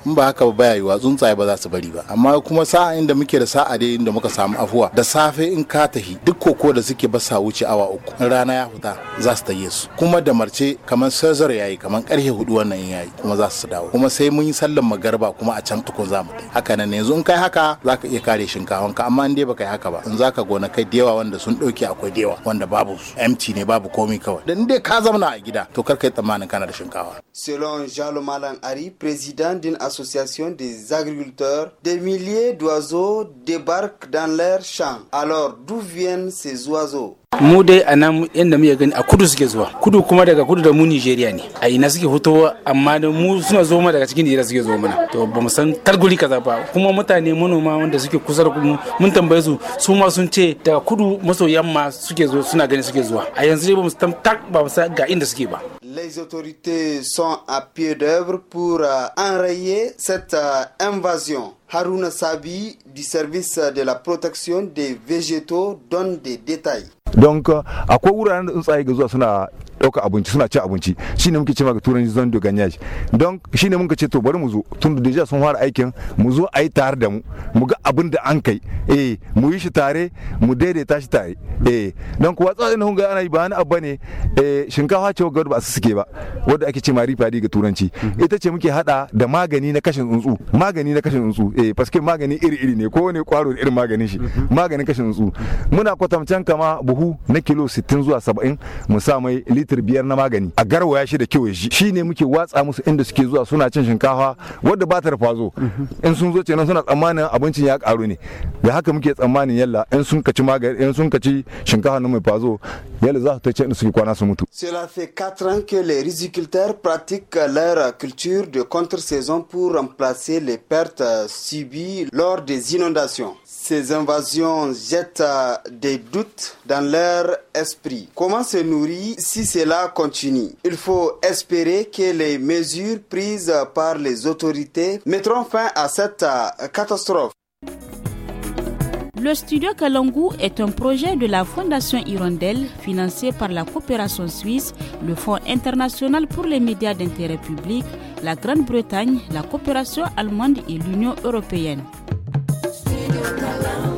in ba haka ba yiwa tsuntsaye ba za su bari ba amma kuma sa'a inda muke da sa'a dai inda muka samu afuwa da safe in ka tahi duk koko da suke ba sa wuce awa uku in rana ya fita za su taye su kuma da marce kamar sazar yayi kamar karfe hudu wannan in yayi kuma za su dawo kuma sai mun yi sallan magarba kuma a can tukun za mu tai haka nan yanzu in kai haka za ka iya kare shinkafanka amma in dai baka yi haka ba in za ka gona kai dewa wanda sun ɗauke akwai dewa wanda babu empty ne babu komai kawai da dai ka zauna a gida to kar kai tsammanin kana da shinkafa. Selon Jalo malan Ari, President din Association des agriculteurs, des milliers d'oiseaux débarquent dans leurs champs. Alors d'où viennent ces oiseaux mu dai a nan yadda muke gani a kudu suke zuwa kudu kuma daga kudu da mu nigeria ne a ina suke hutowa amma da mu suna zo ma daga cikin nigeria suke zo mana to ba mu san targuri kaza ba kuma mutane manoma wanda suke kusa da kudu mun tambaye su su ma sun ce daga kudu maso yamma suke zo suna gani suke zuwa a yanzu dai ba mu san ba mu san ga inda suke ba Les autorités sont à pied d'œuvre pour euh, enrayer cette euh, invasion. Haruna Sabi du service de la protection des végétaux donne des détails. Donc, à ɗauka abinci suna ci abinci shine muke cewa ga turanci zan da shi don shine muka ce to bari mu zo tun da deja sun fara aikin mu zo a yi tare da mu mu ga abin da an kai eh mu yi shi tare mu daidaita shi tare eh don kuwa tsatsin hun ga ana yi ba wani abu ne eh shinkafa ce ga ba su suke ba wadda ake ce mari fadi ga turanci ita ce muke hada da magani na kashin tsuntsu magani na kashin tsuntsu eh paske magani iri iri ne kowane kwaro irin maganin shi maganin kashin tsuntsu muna kwatamcen kama buhu na kilo 60 zuwa 70 mu sa mai litir litir biyar na magani a garwaya shi da kyau shi shine muke watsa musu inda suke zuwa suna cin shinkafa wadda ba ta fazo in sun zo kenan suna tsammanin abincin ya karu ne da haka muke tsammanin yalla in sun kaci magani in sun kaci shinkafa na mai fazo yalla za su ta ce suke kwana su mutu Cela fait 4 ans que les riziculteurs pratiquent leur culture de contre-saison pour remplacer les pertes subies lors des inondations. Ces invasions jettent euh, des doutes dans leur esprit. Comment se nourrir si cela continue Il faut espérer que les mesures prises par les autorités mettront fin à cette euh, catastrophe. Le studio Kalangu est un projet de la Fondation Hirondelle financé par la coopération suisse, le Fonds international pour les médias d'intérêt public, la Grande-Bretagne, la coopération allemande et l'Union européenne. Studio Kalambo.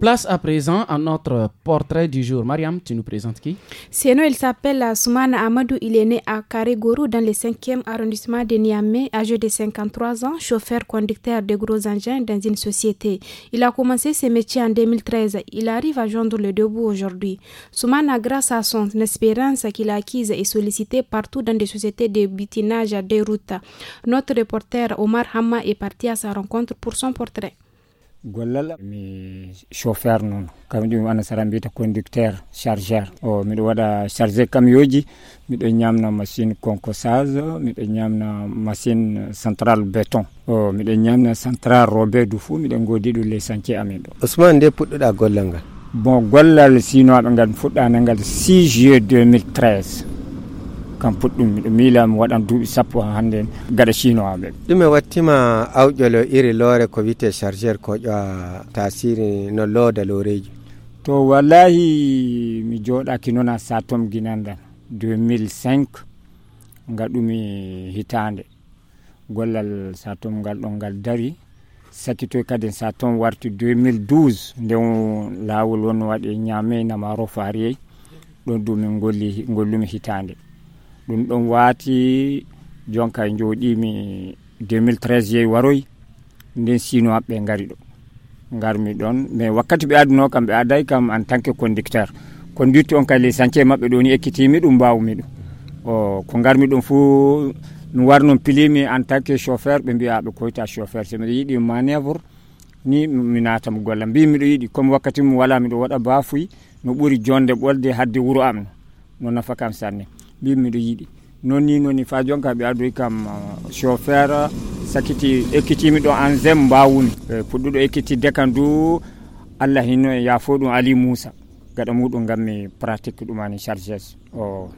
Place à présent à notre portrait du jour. Mariam, tu nous présentes qui nous, il s'appelle Soumana Amadou. Il est né à Karigourou, dans le 5e arrondissement de Niamey, âgé de 53 ans, chauffeur-conducteur de gros engins dans une société. Il a commencé ses métiers en 2013. Il arrive à joindre le debout aujourd'hui. Soumana, grâce à son espérance qu'il a acquise, et sollicité partout dans des sociétés de butinage à des routes. Notre reporter Omar Hamma est parti à sa rencontre pour son portrait gollal mi chauffeur noon kamjum anasara mbiyata conducteur chargeur o miɗo waɗa chargé camioji miɗo ñamna machine concossage miɗo ñamna machine central béton o miɗo ñamna central robet du fou miɗen godi ɗum les chantier amin ɗo ousmane nde puɗɗoɗa gollal ngal bon gollal sino aɓe ngal fuɗɗana ngal 6 juillet 2013 kam puɗɗum miɗo miila mi waɗan duuɓi sappo hannde gaɗa chinoaɓe e wattima awƴolo iri loore ko wiyete chargeur ko ƴowa tasiri no looda loreji to wallahi mi jooɗaki noon ha satom ginanɗan 2005 ngaɗumi hitande gollal satom ngal ɗon ngal dari sakitoy kadi satom warti 2012 nde laawol won waɗi ñaame namaro fariyey ɗon ɗum gollumi hitande ɗum ɗon waati jonka e jooɗimi 2013 yehi waroyi nden sinoaɓe ngari ɗo garmi ɗon mais wakkati ɓe aduno kam ɓe aday kam en tant que conducteur conducte on kadi chantier maɓɓe ɗo ni ekkitimi ɗum mbawmi ɗum o ko garmi ɗum fuu mi war noon pilimi en tant que chauffeur ɓe mbiya ɓe koyta chauffeur so miɗo yiiɗi manoeuvre ni mi natam golla mbi miɗo yiiɗi comme wakkati mum wala miɗo waɗa bafuy no ɓuuri jonde ɓolde hadde wuuro am no nafa kam sanne mbi miɗo yiɗi noon ni noon fa jon kam ɓe addoy kam chauffeur sakiti ekkitimi ɗo en zem mbawuni puɗɗuɗo e, ekkitidde kan du allah hinno e yafo ɗum ali moussa gaɗa muɗum gam pratique ɗumani charges o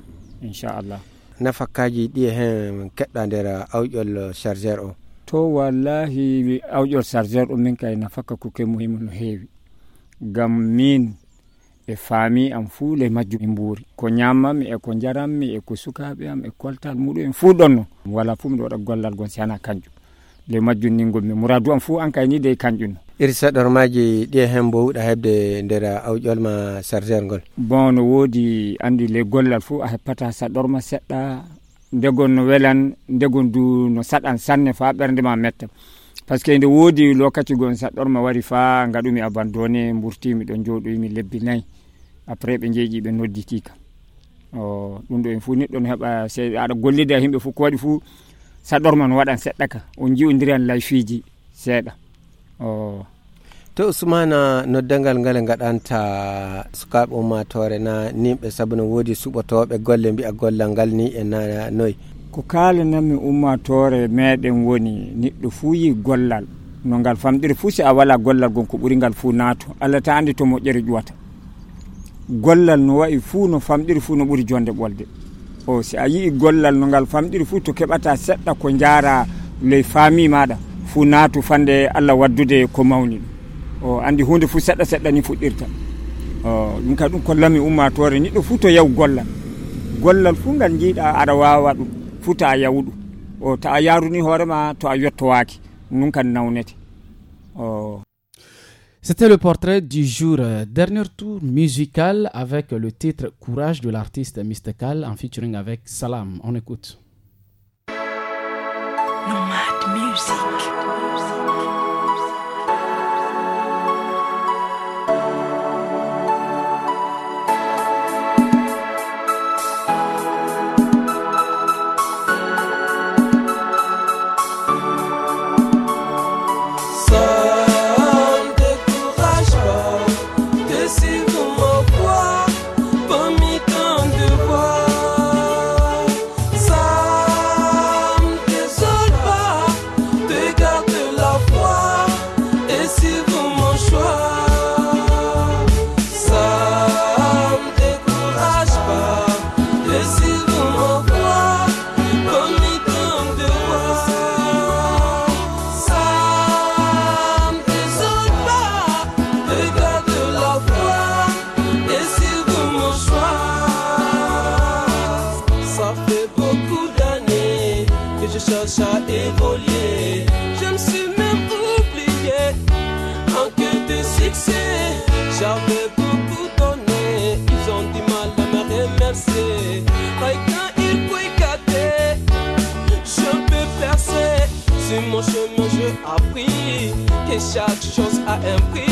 inchallah nafakkaji ɗi hen keɗɗa nder awƴol chargeur o to wallahi awƴol chargeur o min kay nafakka kuke muhimu no heewi gam min e faami am fuu ley majjum e mbuuri ko ñammami e ko jaranmi e ko sukaaɓe am e koltal muɗum en fuu ɗonno wala fuu miɗa waɗa gollal gon sihana kanjum ley majjum ni gonmi mouradou am fuu an kay ni de kanjum iri saɗormaji ɗi e hen bo heɓde hebde nder awƴol ma chargeur ngol bon no woodi andi ley gollal fuu a heppata saɗorma seɗɗa ndegon no welan ndegon du no saɗan sanne fa ɓernde ma metta par ce que nde woodi lokkati gon saɗɗorma wari fa ngaɗumi abandonné mburtimi ɗo jooɗoymi lebbi nayyi après ɓe jeeƴi ɓe nodditi kam o ɗum ɗo en fuu neɗɗo no heɓa aɗa gollida himɓe fof ko waɗi fuu saɗorma no waɗan seɗɗa ka on jiwodiran layfiji seeɗa o to usmana noddangal ngal gaɗanta sukaɓe ummatore na nimɓe saabu no woodi suɓotoɓe golle mbiya gollal ngal ni e na noyi ko kalanami ummatore meɗen woni neɗɗo fuu yi gollal no ngal famɗiri fuu si a wala gollal gon ko ɓuri ngal fuu naato allah ta andi to moƴƴere ƴuwata gollal no wayi fuu no famɗiri fuu no ɓuri jonde ɓolde o si a yii gollal no ngal famɗiri fuu to keɓata seɗɗa ko jaara ley faami maɗa fuu naatu fande allah waddude ko mawni ɗum o andi hunde fuu seɗɗa seɗɗa ni fuɗɗirta o ɗum kadi ɗum kollami ummatore neɗɗo fuu to yaw gollal gollal fuu ngal jiiɗa aɗa wawa ɗum C'était le portrait du jour. Dernier tour musical avec le titre Courage de l'artiste Mystical en featuring avec Salam. On écoute. Music. I am weak.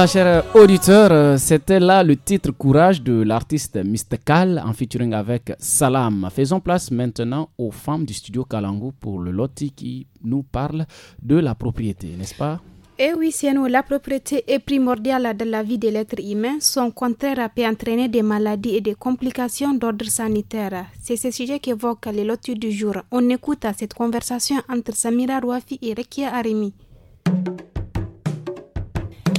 Ah, chers auditeurs, euh, c'était là le titre Courage de l'artiste Mystical en featuring avec Salam. Faisons place maintenant aux femmes du studio Kalangu pour le loti qui nous parle de la propriété, n'est-ce pas eh oui, nous, la propriété est primordiale dans la vie de l'être humain. Son contraire peut entraîner des maladies et des complications d'ordre sanitaire. C'est ce sujet qu'évoque les loti du jour. On écoute cette conversation entre Samira Rouafi et Rekia Arimi.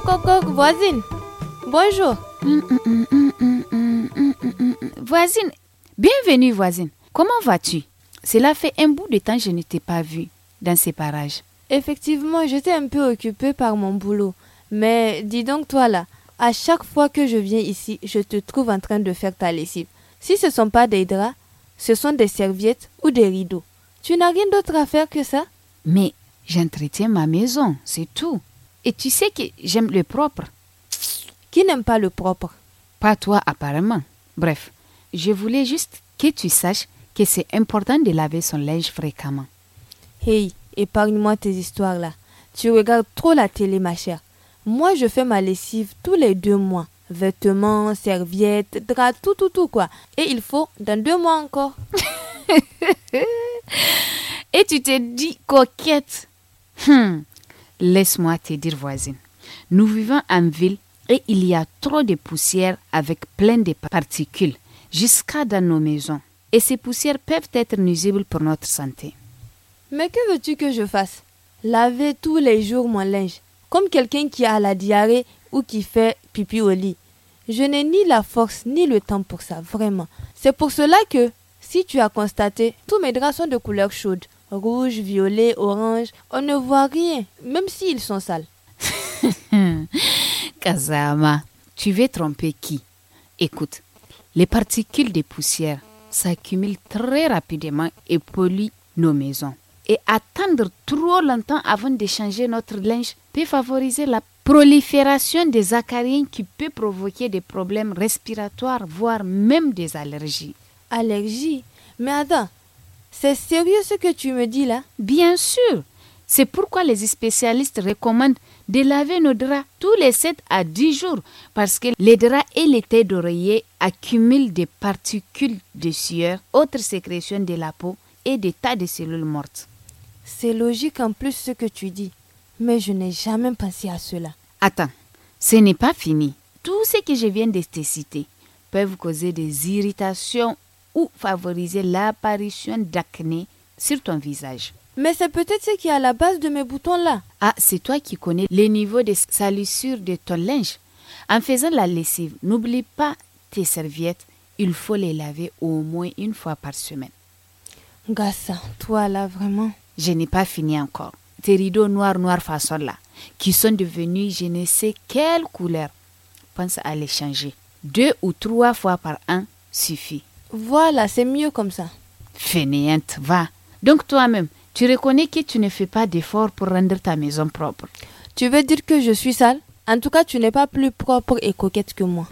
Cocococ, voisine. Bonjour. voisine, bienvenue voisine. Comment vas-tu Cela fait un bout de temps que je ne t'ai pas vue dans ces parages. Effectivement, j'étais un peu occupée par mon boulot. Mais dis donc toi là, à chaque fois que je viens ici, je te trouve en train de faire ta lessive. Si ce ne sont pas des draps, ce sont des serviettes ou des rideaux. Tu n'as rien d'autre à faire que ça Mais j'entretiens ma maison, c'est tout. Et tu sais que j'aime le propre. Qui n'aime pas le propre Pas toi apparemment. Bref, je voulais juste que tu saches que c'est important de laver son linge fréquemment. Hey, épargne-moi tes histoires là. Tu regardes trop la télé, ma chère. Moi, je fais ma lessive tous les deux mois. Vêtements, serviettes, draps, tout, tout, tout quoi. Et il faut dans deux mois encore. Et tu t'es dit coquette. Hmm. Laisse-moi te dire, voisine. Nous vivons en ville et il y a trop de poussière avec plein de particules, jusqu'à dans nos maisons. Et ces poussières peuvent être nuisibles pour notre santé. Mais que veux-tu que je fasse Laver tous les jours mon linge, comme quelqu'un qui a la diarrhée ou qui fait pipi au lit. Je n'ai ni la force ni le temps pour ça, vraiment. C'est pour cela que, si tu as constaté, tous mes draps sont de couleur chaude rouge, violet, orange. On ne voit rien, même s'ils sont sales. Kazama, tu veux tromper qui Écoute, les particules de poussière s'accumulent très rapidement et polluent nos maisons. Et attendre trop longtemps avant changer notre linge peut favoriser la prolifération des acariens qui peut provoquer des problèmes respiratoires, voire même des allergies. Allergies Mais c'est sérieux ce que tu me dis là Bien sûr. C'est pourquoi les spécialistes recommandent de laver nos draps tous les 7 à 10 jours parce que les draps et les têtes d'oreiller accumulent des particules de sueur, autres sécrétions de la peau et des tas de cellules mortes. C'est logique en plus ce que tu dis, mais je n'ai jamais pensé à cela. Attends, ce n'est pas fini. Tout ce que je viens de te citer vous causer des irritations ou favoriser l'apparition d'acné sur ton visage. Mais c'est peut-être ce qui est à la base de mes boutons-là. Ah, c'est toi qui connais les niveaux de salissure de ton linge. En faisant la lessive, n'oublie pas tes serviettes. Il faut les laver au moins une fois par semaine. Gassa, toi là vraiment. Je n'ai pas fini encore. Tes rideaux noirs, noirs façon là, qui sont devenus je ne sais quelle couleur, pense à les changer. Deux ou trois fois par an suffit. Voilà, c'est mieux comme ça. Fainéante, va. Donc toi-même, tu reconnais que tu ne fais pas d'efforts pour rendre ta maison propre. Tu veux dire que je suis sale En tout cas, tu n'es pas plus propre et coquette que moi.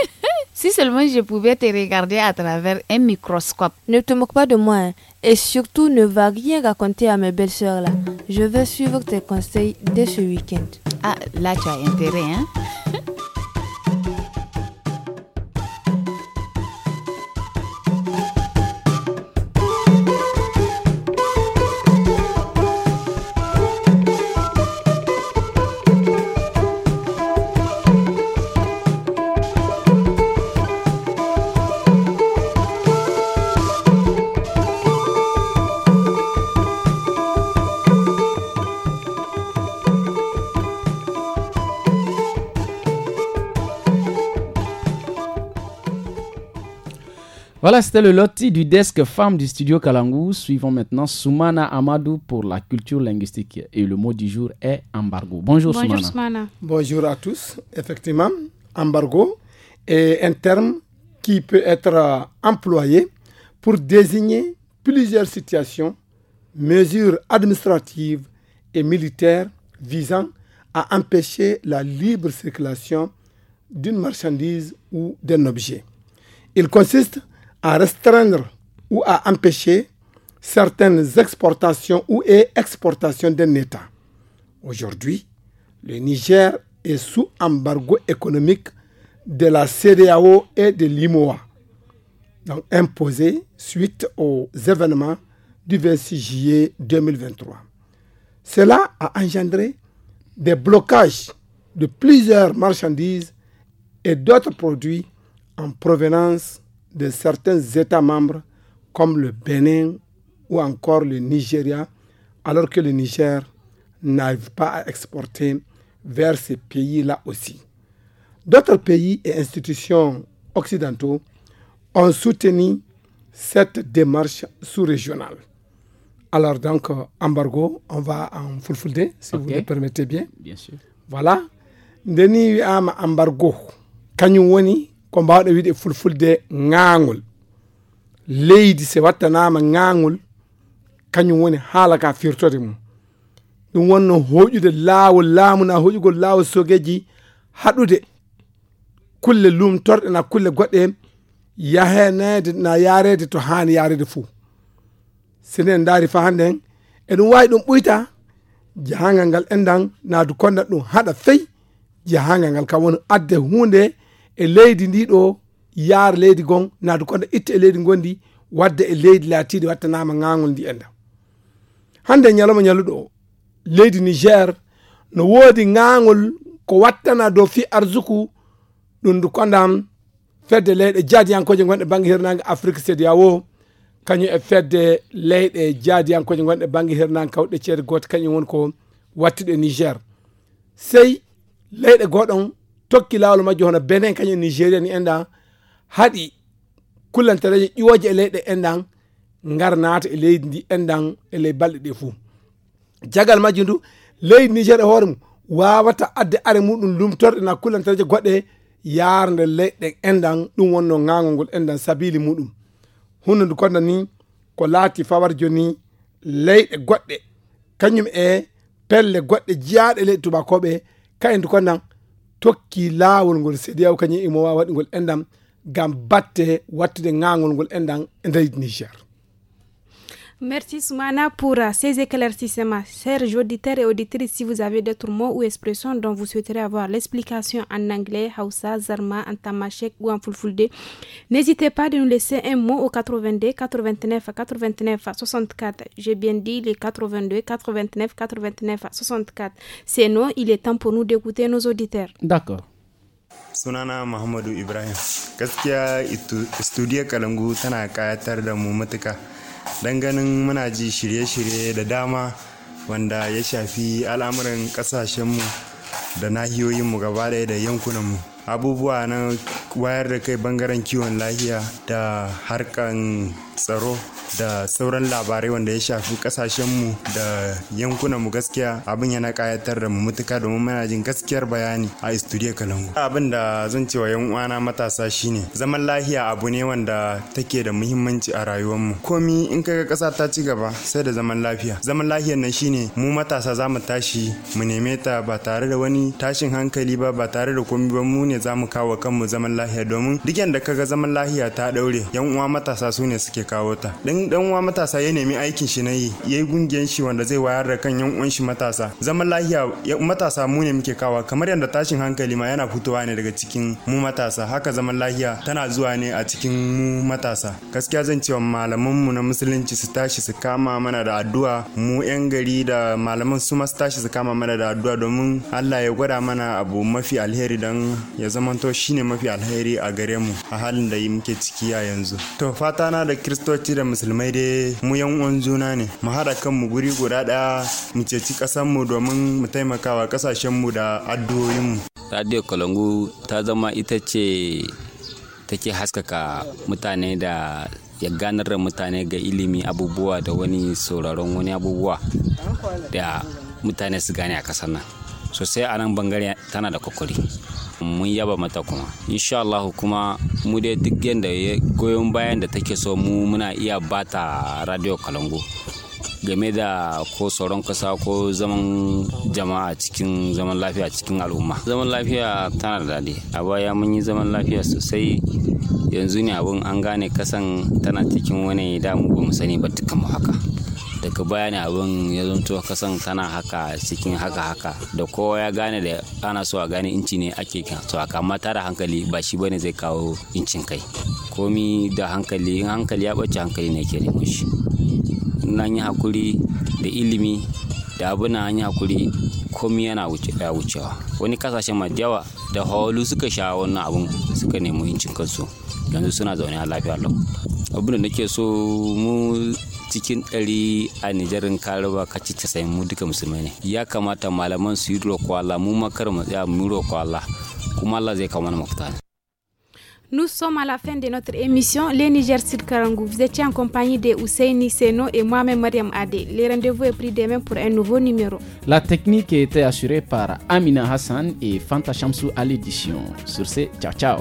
si seulement je pouvais te regarder à travers un microscope. Ne te moque pas de moi hein. et surtout ne va rien raconter à mes belles-sœurs là. Je vais suivre tes conseils dès ce week-end. Ah, là tu as intérêt, hein Voilà, c'était le loti du desk femme du studio Kalangou. Suivons maintenant Soumana Amadou pour la culture linguistique. Et le mot du jour est embargo. Bonjour, Bonjour Soumana. Bonjour à tous. Effectivement, embargo est un terme qui peut être euh, employé pour désigner plusieurs situations, mesures administratives et militaires visant à empêcher la libre circulation d'une marchandise ou d'un objet. Il consiste à restreindre ou à empêcher certaines exportations ou exportations d'un État. Aujourd'hui, le Niger est sous embargo économique de la CDAO et de l'IMOA, donc imposé suite aux événements du 26 juillet 2023. Cela a engendré des blocages de plusieurs marchandises et d'autres produits en provenance de certains États membres comme le Bénin ou encore le Nigeria, alors que le Niger n'arrive pas à exporter vers ces pays-là aussi. D'autres pays et institutions occidentaux ont soutenu cette démarche sous-régionale. Alors donc, embargo, on va en fulfulder, si vous le permettez bien. Bien sûr. Voilà. Denis am embargo. Kanyuwoni ko mbawɗa wiide fulfulde ŋaŋol leydi se wattanama ŋaŋol kañum woni haala ka firtode mum ɗum wonno hoƴude laawol laamu na hoƴugol laawol sogeji haɗude kulle lumtorɗe na kulle goɗɗe hen yahenede na yarede to hani yarede fuu en daari fa hande hen eɗum wawi ɗum ɓuyta jahangal ngal endan nadu kondat ɗum haɗa fey jahangal ngal kam woni adde hunde e leydi ndi ɗo yaara leydi gon naadu konda itta e leydi gondi wadda e leydi laatiɗi wattanama gagol ndi enda hande e ñalawma ñalluɗo o leydi niger no woodi gagol ko wattana dow fi arsuku ɗum ndu kondam fedde leyɗe jadiyankoje gonɗe banggue hirnague afrique sédiawo kañum e fedde leyɗe jadiyankoje gonɗe banggue hirnague kawɗe ceede goto kañum woni ko wattiɗe niger sey leyɗe goɗon tokki lawol majjum hono benin kañum nigéria ni enɗan haɗi kullantareje ƴooje e leyɗe enɗan ngar naata e leydi ndi enɗan e ley balɗe ɗe fuu jagal majju ndu leydi niger e hoore mum wawata adde are muɗum lumtorɗe na kullantareje goɗɗe yarde leyɗe enɗan ɗum wonno gagol ngol enɗan sabili muɗum hunde ndu konna ni ko laati fawar joni leyɗe goɗɗe kañum e pelle goɗɗe jiyaɗe leyɗe tubakoɓe kayen ndu konnan tokki laawol ngol cda kañum e wawa waɗigol endam gam batte wattude gagol ngol endam e nder niger Merci Soumana pour euh, ces éclaircissements. Chers auditeurs et auditrices, si vous avez d'autres mots ou expressions dont vous souhaiterez avoir l'explication en anglais, Hausa, Zarma, ou en Fulfulde, n'hésitez pas de nous laisser un mot au 82 89 89 64. J'ai bien dit les 82 89 89 64. Sinon, il est temps pour nous d'écouter nos auditeurs. D'accord. sunana Mohamedou ibrahim gaskiya kalangu tana kayatar da mu Dan ganin muna ji shirye-shirye da dama wanda ya shafi al'amuran ƙasashenmu da nahiyoyinmu gaba ɗaya da yankunanmu abubuwa na wayar da kai bangaren kiwon lahiya da harkan tsaro da sauran labarai wanda ya shafi kasashen mu da yankunanmu gaskiya abin yana kayatar da mu mutuka domin muna jin gaskiyar bayani a studio kalangu abin da zan cewa yan uwana matasa shine zaman lahiya abu ne wanda take da muhimmanci a mu. komi in kaga kasa ta ci gaba sai da zaman lafiya zaman lafiyar nan shine mu matasa za mu tashi mu neme ta ba tare da wani tashin hankali ba ba tare da komi ba mu ne za mu kawo kanmu zaman lafiya domin duk yanda kaga zaman lahiya ta daure yan uwa matasa su ne suke kawo ta dan dan uwa matasa ya nemi aikin shi na yi yayi gungiyan shi wanda zai wayar da kan yan uwan shi matasa zaman lahiya matasa mu ne muke kawa kamar yadda tashin hankali ma yana fitowa ne daga cikin mu matasa haka zaman lahiya tana zuwa ne a cikin mu matasa gaskiya zan cewa malaman mu na musulunci su tashi su kama mana da addu'a mu yan gari da malaman su ma su tashi su kama mana da addu'a domin Allah ya gwada mana abu mafi alheri dan ya zamanto shine mafi alheri a gare mu a halin da muke ciki a yanzu to fata na da kristoci da musulmi musulmai dai mu yan uwan juna ne mu haɗa kanmu guri guda ɗaya mu ceci mu domin mu taimaka taimakawa mu da mu radio kalangu ta zama ita ce take haskaka mutane da ya ganar da mutane ga ilimi abubuwa da wani sauraron wani abubuwa da mutane su gane a ƙasar nan. sosai a nan bangare tana da kokari mun yaba mata kuma insha Allah kuma mu dai duk yadda goyon bayan da take so mu muna iya bata radio kalango game da ko sauran kasa ko zaman jama'a cikin zaman lafiya cikin al'umma zaman lafiya tana da daɗi a baya mun yi zaman lafiya sosai yanzu ne abin an gane kasan tana cikin wani damu ba mu sani ba dukkan mu haka daga bayani abin ya zonto kasan kana haka cikin haka haka da kowa ya gane da ana so a gane inci ne ake to a kama tara hankali ba shi bane zai kawo incin kai komi da hankali in hankali ya ɓace hankali ne ke nemo shi nan yi hakuri da ilimi da abu an yi hakuri komi yana wucewa wani kasashen ma yawa da hawalu suka sha wannan abun suka nemi incin kansu yanzu suna zaune a lafiya lau abin da nake so mu Nous sommes à la fin de notre émission Les Niger Sud Karangou. Vous étiez en compagnie de Hussein Seno et moi-même Mariam Adé. Le rendez-vous est pris demain pour un nouveau numéro. La technique était assurée par Amina Hassan et Fanta Shamsou à l'édition. Sur ce, ciao ciao.